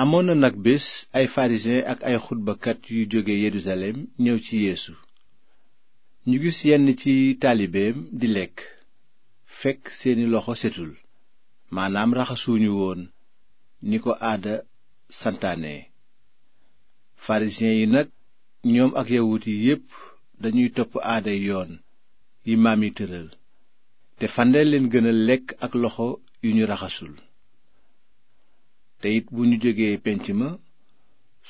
amoon na nag bés ay farisiyen ak ay xutbakat yu jóge yerusalem ñëw ci yeesu ñu gis yenn ci taalibeem di lekk fekk seeni loxo setul maanaam raxasuñu woon ni ko aada santaane farisiyen yi nag ñoom ak yawut yi yépp dañuy topp aada yoon yi maam yi tëral te fandeel leen gën a lekk ak loxo yu ñu raxasul te bu ñu jógee pénc ma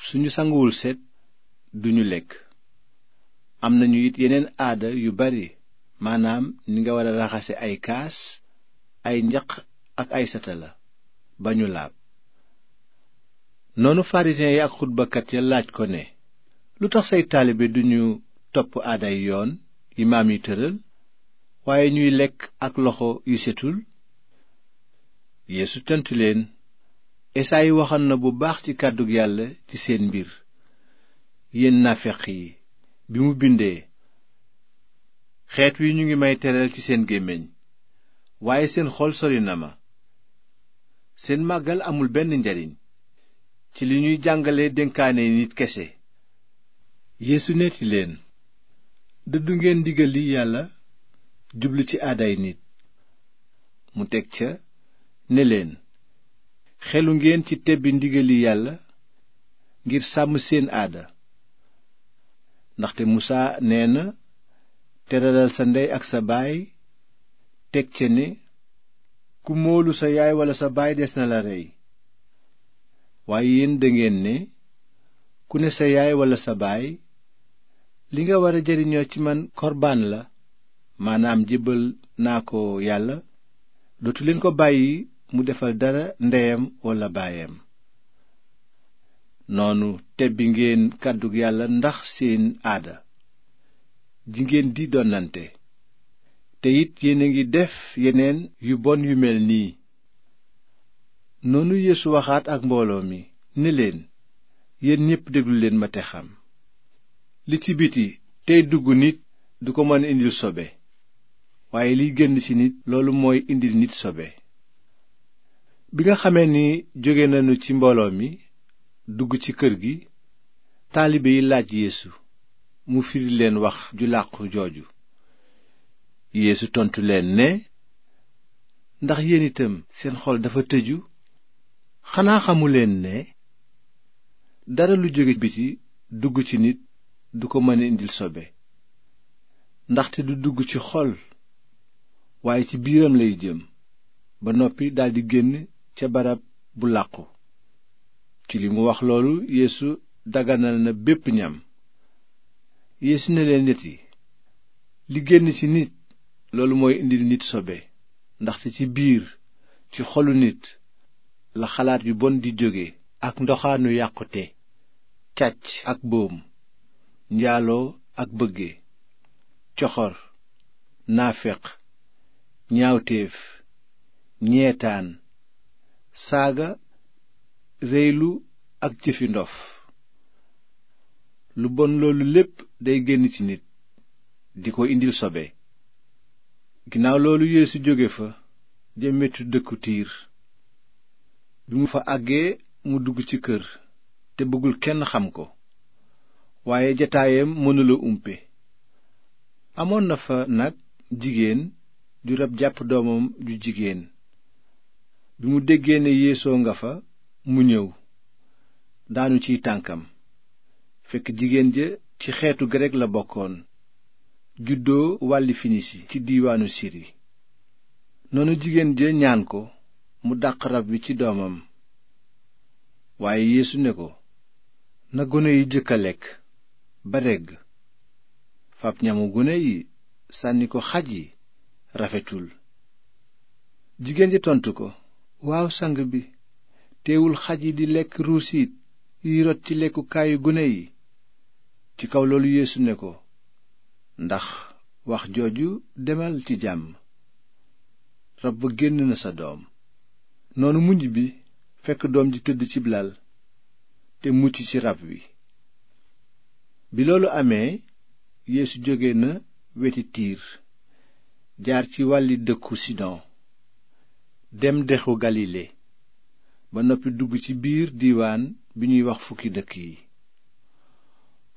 suñu sanguwul set duñu lekk am nañu it yeneen aada yu bari maanaam ni nga war a raxase ay kaas ay njaq ak ay satala ba ñu laab noonu farisiyen yi ak xutbakat ya laaj ko ne lu tax say taalibe duñu topp aaday yoon yi maam yi tëral waaye ñuy lekk ak loxo yu setul yéesu tontu leen esayi waxoon na bu baax ci kàddu yàlla ci seen mbir yéen nafeq yi bi mu bindee xeet wi ñu ngi may teral ci seen gémmiñ waaye seen xool sori na ma seen màggal amul benn njariñ ci li ñuy jàngale dénkaane nit kese yéesu netti leen dëddu ngeen ndigal li yàlla jublu ci aaday nit mu teg ca ne leen xelu ngeen ci tebbi ndigali yàlla ngir sàmm seen aada ndaxte musaa nee na teralal sa ndey ak sa baay teg ca ne ku moolu sa yaay walla sa baay des na la rey waaye yéen dangeen ne ku ne sa yaay walla sa baay li nga war a jariñoo ci man korbaan la maanaam jébbal naa ko yàlla dootu ko bàyyi mu defal dara ndeyam walla baayam noonu tebbi ngeen kàddu yàlla ndax seen aada jingéen di donnante te it yéen a ngi def yeneen yu bon yu mel nii noonu Yeesu waxaat ak mbooloo mi ne leen yéen ñépp déglu leen ma te xam li ci biti tey dugg nit du ko mën indil sobe waaye liy génn ci nit loolu mooy indil nit sobe bi nga xamee ni jóge nañu ci mbooloo mi dugg ci kër gi taalibe yi laaj yéesu mu firi leen wax ju làqu jooju yéesu tontu leen ne ndax yéen itam seen xol dafa tëju xanaa xamuleen ne dara lu jóge biti dugg ci nit du ko mën a indil sobe ndaxte du dugg ci xol waaye ci biiram lay jëm ba noppi daldi génn ca barab bu làqu ci li mu wax loolu yeesu daganal na bépp ñam yeesu ne leen nit yi li génn ci nit loolu mooy indil nit sobe ndax ci biir ci xolu nit la xalaat yu bon di jóge ak ndoxaanu yàqute càcc ak boom njaaloo ak bëgge coxor naaféq ñaawteef ñeetaan saaga réylu ak jëfi ndof lu bon loolu lépp day génn ci nit di ko indil sobe ginnaaw loolu yeesu jóge fa jëm wetu dëkku tiir bi mu fa àggee mu dugg ci kër te bëggul kenn xam ko waaye jataayam mënula umpe amoon na fa nag jigéen ju rab jàpp doomam ju jigéen bi mu déggee ne yéesoo nga fa mu ñëw daanu ciy tànkam fekk jigéen ja ci xeetu grek la bokkoon juddoo wàlli finisi ci diwaanu siri noonu jigéen ja ñaan ko mu dàq rab wi ci doomam waaye yeesu ne ko na gone yi jëkk a lekk ba regg fab ñamu gune yi sànni ko xaj yi rafetul jigéen ja tontu ko waaw sang bi teewul xaj yi di lekk ruusit yi rot ci lekkukaayu gune yi ci kaw loolu yéesu ne ko ndax wax jooju demal ci jàmm rab ba génn na sa doom noonu mujj bi fekk doom ji tëdd cib lal te mucc ci rab wi bi loolu amee yéesu jóge na weti tiir jaar ci wàlli dëkku sidon dem dexu galile ba noppi dugg ci biir diiwaan bi ñuy wax fukki dëkk yi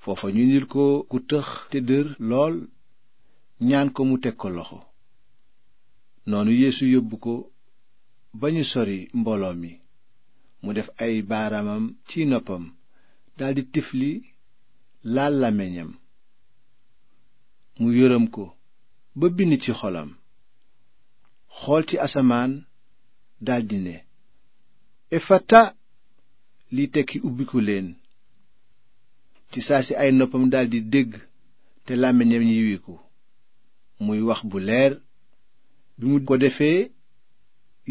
foofa ñu indil ko ku tëx te dër lool ñaan ko mu teg ko loxo noonu yeesu yóbbu ko ba ñu sori mbooloo mi mu def ay baaraamam ci noppam daldi tifli laal làmmiñam mu yërëm ko ba bind ci xolam xool ci asamaan daldi ne efata li tekki ubbiku leen ci saa si ay noppam daldi dégg te làmmiñam yiwiku muy wax bu leer bi mu ko defee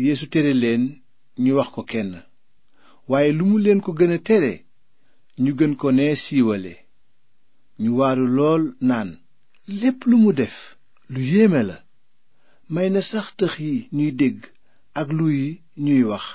yéesu tere leen ñu wax ko kenn waaye lu mu leen ko gën a tere ñu gën ko ne siiwale ñu waaru lool naan lépp lu mu def lu yéeme la may na sax tëx yi ñuy dégg ak luy ñuy wax